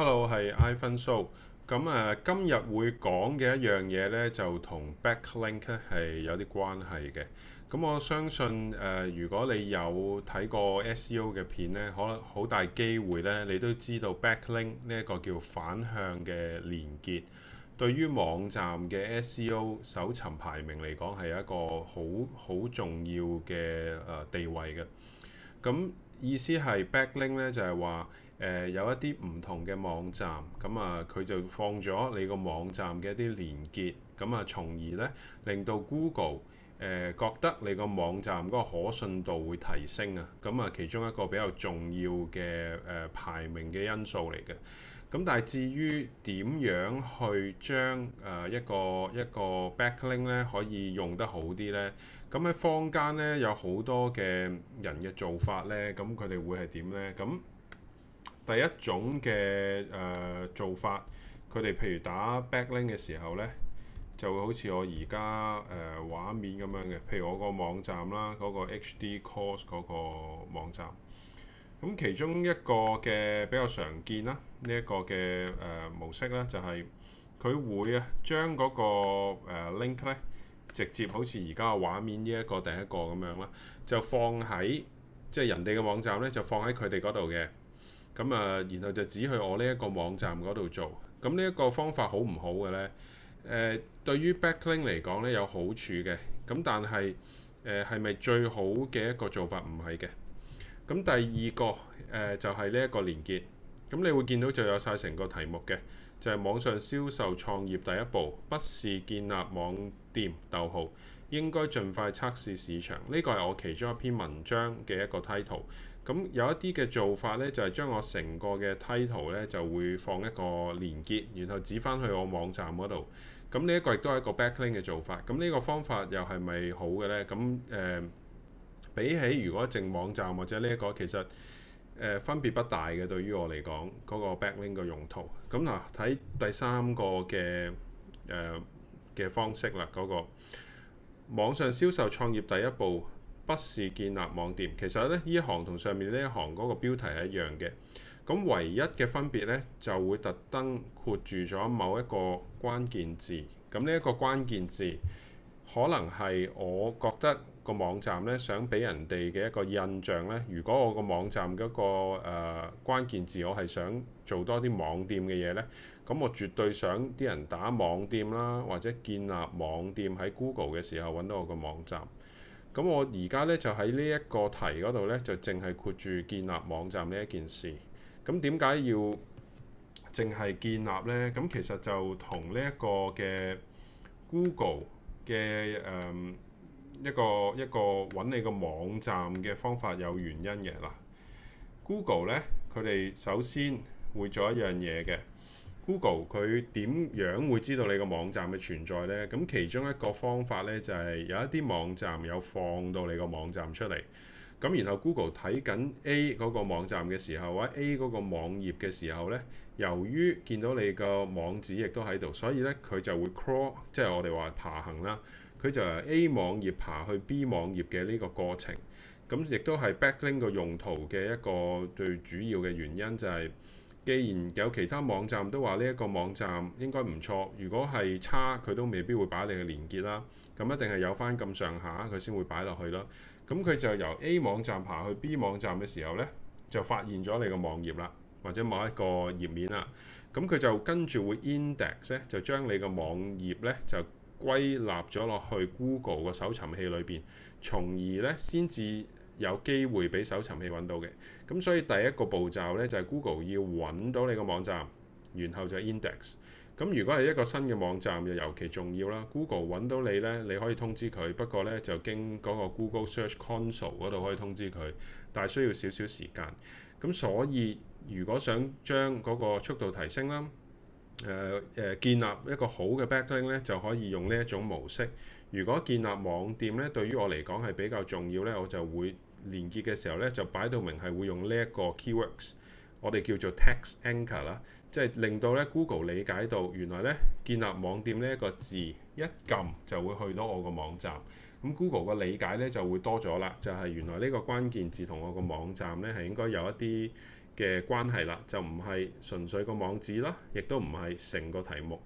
Hello，係 iPhone Show。咁誒，今日會講嘅一樣嘢呢，就同 back link 係有啲關係嘅。咁我相信誒，如果你有睇過 SEO 嘅片呢，可能好大機會呢，你都知道 back link 呢一個叫反向嘅連結，對於網站嘅 SEO 搜尋排名嚟講係一個好好重要嘅誒地位嘅。咁意思係 back link 咧，就係話，誒、呃、有一啲唔同嘅網站，咁啊佢就放咗你個網站嘅一啲連結，咁啊從而呢令到 Google 誒、呃、覺得你個網站個可信度會提升啊，咁啊其中一個比較重要嘅誒、呃、排名嘅因素嚟嘅。咁但係至於點樣去將誒、呃、一個一個 backlink 咧可以用得好啲呢？咁喺坊間呢，有好多嘅人嘅做法呢，咁佢哋會係點呢？咁第一種嘅誒、呃、做法，佢哋譬如打 back link 嘅時候呢，就會好似我而家誒畫面咁樣嘅。譬如我個網站啦，嗰、那個 HD course 嗰個網站，咁其中一個嘅比較常見啦，呢、這、一個嘅誒、呃、模式呢，就係、是、佢會啊將嗰個 link 呢，直接好似而家嘅畫面呢一個第一個咁樣啦，就放喺即係人哋嘅網站呢，就放喺佢哋嗰度嘅。咁啊、嗯，然後就指去我呢一個網站嗰度做。咁呢一個方法好唔好嘅呢？誒、呃，對於 Backlink 嚟講咧有好處嘅。咁、嗯、但係誒係咪最好嘅一個做法唔係嘅。咁、嗯、第二個誒、呃、就係呢一個連結。咁、嗯、你會見到就有晒成個題目嘅，就係、是、網上銷售創業第一步，不是建立網店。逗號應該盡快測試市場。呢、這個係我其中一篇文章嘅一個 title。咁有一啲嘅做法呢，就係、是、將我成個嘅 title 呢，就會放一個連結，然後指翻去我網站嗰度。咁呢一個亦都係一個 backlink 嘅做法。咁呢個方法又係咪好嘅呢？咁誒、呃，比起如果淨網站或者呢、這、一個，其實、呃、分別不大嘅，對於我嚟講嗰個 backlink 嘅用途。咁嗱，睇第三個嘅嘅、呃、方式啦，嗰、那個網上銷售創業第一步。不是建立網店，其實咧呢一行同上面呢一行嗰個標題係一樣嘅，咁唯一嘅分別呢，就會特登括住咗某一個關鍵字。咁呢一個關鍵字可能係我覺得個網站呢，想俾人哋嘅一個印象呢。如果我個網站嗰個誒、呃、關鍵字我係想做多啲網店嘅嘢呢，咁我絕對想啲人打網店啦，或者建立網店喺 Google 嘅時候揾到我個網站。咁我而家咧就喺呢一個題嗰度咧，就淨係括住建立網站呢一件事。咁點解要淨係建立呢？咁其實就同呢一個嘅 Google 嘅誒一個一個揾你個網站嘅方法有原因嘅啦。Google 呢，佢哋首先會做一樣嘢嘅。Google 佢點樣會知道你個網站嘅存在呢？咁其中一個方法呢，就係、是、有一啲網站有放到你個網站出嚟，咁然後 Google 睇緊 A 嗰個網站嘅時候，或者 A 嗰個網頁嘅時候呢，由於見到你個網址亦都喺度，所以呢，佢就會 crawl，即係我哋話爬行啦。佢就由 A 網頁爬去 B 網頁嘅呢個過程，咁亦都係 backlink 個用途嘅一個最主要嘅原因就係、是。既然有其他網站都話呢一個網站應該唔錯，如果係差佢都未必會擺你嘅連結啦，咁一定係有翻咁上下佢先會擺落去咯。咁佢就由 A 網站爬去 B 網站嘅時候呢，就發現咗你個網頁啦，或者某一個頁面啦，咁佢就跟住會 index 咧，就將你個網頁呢，就歸納咗落去 Google 個搜尋器裏邊，從而呢先至。有機會俾搜尋器揾到嘅，咁所以第一個步驟咧就係 Google 要揾到你個網站，然後就 index。咁如果係一個新嘅網站，就尤其重要啦。Google 揾到你咧，你可以通知佢，不過咧就經嗰個 Google Search Console 嗰度可以通知佢，但係需要少少時間。咁所以如果想將嗰個速度提升啦，誒誒建立一個好嘅 backlink 咧，就可以用呢一種模式。如果建立網店咧，對於我嚟講係比較重要咧，我就會連結嘅時候咧，就擺到明係會用呢一個 keywords，我哋叫做 text anchor 啦，即係令到咧 Google 理解到原來咧建立網店呢一個字一撳就會去到我個網站，咁 Google 嘅理解咧就會多咗啦，就係、是、原來呢個關鍵字同我個網站咧係應該有一啲嘅關係啦，就唔係純粹個網址啦，亦都唔係成個題目，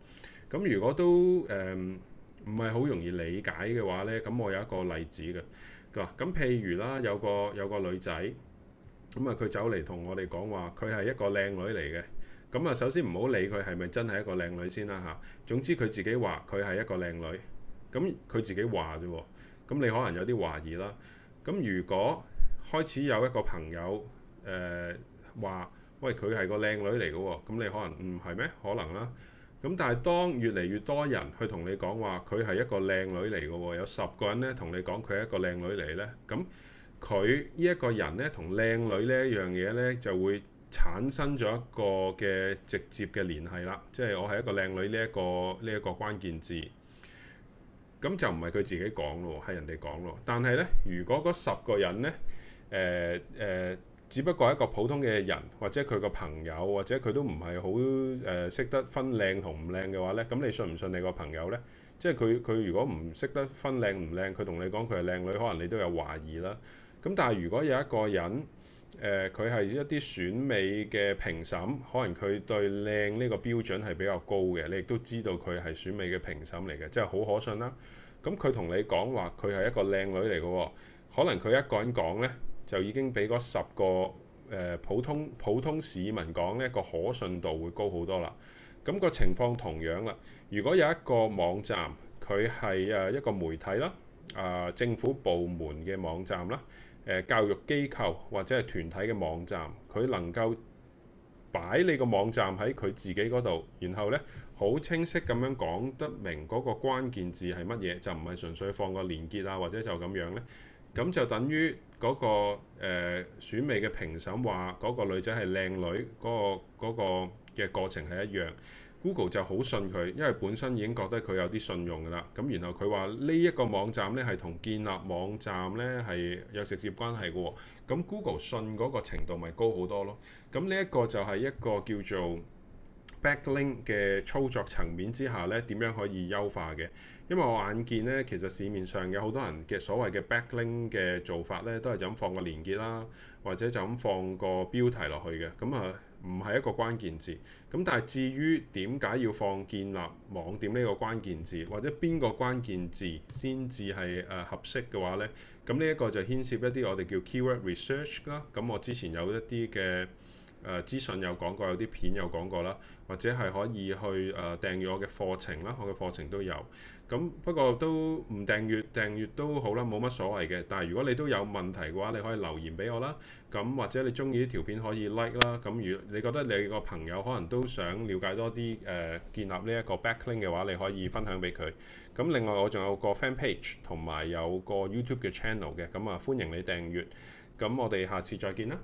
咁如果都誒。嗯唔係好容易理解嘅話呢。咁我有一個例子嘅，嗱，咁譬如啦，有個有個女仔，咁啊佢走嚟同我哋講話，佢係一個靚女嚟嘅，咁啊首先唔好理佢係咪真係一個靚女先啦嚇，總之佢自己話佢係一個靚女，咁佢自己話啫喎，咁你可能有啲懷疑啦，咁如果開始有一個朋友誒話、呃，喂佢係個靚女嚟嘅，咁你可能唔係咩？可能啦。咁但係當越嚟越多人去同你講話，佢係一個靚女嚟㗎喎，有十個人咧同你講佢係一個靚女嚟呢。咁佢呢一個人呢，同靚女呢一樣嘢呢，就會產生咗一個嘅直接嘅聯繫啦，即係我係一個靚女呢一個呢一個關鍵字，咁就唔係佢自己講咯，係人哋講咯。但係呢，如果嗰十個人呢，誒、呃、誒。呃只不過一個普通嘅人，或者佢個朋友，或者佢都唔係好誒識得分靚同唔靚嘅話呢。咁你信唔信你個朋友呢？即係佢佢如果唔識得分靚唔靚，佢同你講佢係靚女，可能你都有懷疑啦。咁但係如果有一個人、呃、佢係一啲選美嘅評審，可能佢對靚呢個標準係比較高嘅，你亦都知道佢係選美嘅評審嚟嘅，即係好可信啦。咁佢同你講話佢係一個靚女嚟嘅喎，可能佢一個人講呢。就已經比嗰十個誒、呃、普通普通市民講呢個可信度會高好多啦。咁、那個情況同樣啦。如果有一個網站，佢係誒一個媒體啦、啊、呃、政府部門嘅網站啦、誒、呃、教育機構或者係團體嘅網站，佢能夠擺你個網站喺佢自己嗰度，然後呢，好清晰咁樣講得明嗰個關鍵字係乜嘢，就唔係純粹放個連結啊，或者就咁樣呢。咁就等於嗰、那個誒、呃、選美嘅評審話嗰個女仔係靚女，嗰、那個嘅、那個、過程係一樣。Google 就好信佢，因為本身已經覺得佢有啲信用㗎啦。咁然後佢話呢一個網站咧係同建立網站咧係有直接關係嘅喎、哦。咁 Google 信嗰個程度咪高好多咯。咁呢一個就係一個叫做。Backlink 嘅操作層面之下咧，點樣可以優化嘅？因為我眼見咧，其實市面上有好多人嘅所謂嘅 backlink 嘅做法咧，都係就咁放個連結啦，或者就咁放個標題落去嘅。咁啊，唔係一個關鍵字。咁但係至於點解要放建立網店呢個關鍵字，或者邊個關鍵字先至係誒合適嘅話咧？咁呢一個就牽涉一啲我哋叫 keyword research 啦。咁我之前有一啲嘅。誒資訊有講過，有啲片有講過啦，或者係可以去誒訂閱我嘅課程啦，我嘅課程都有。咁不過都唔訂閱，訂閱都好啦，冇乜所謂嘅。但係如果你都有問題嘅話，你可以留言俾我啦。咁或者你中意呢條片可以 like 啦。咁如果你覺得你個朋友可能都想了解多啲誒、呃、建立呢一個 backlink 嘅話，你可以分享俾佢。咁另外我仲有個 fan page 同埋有個 YouTube 嘅 channel 嘅，咁啊歡迎你訂閱。咁我哋下次再見啦。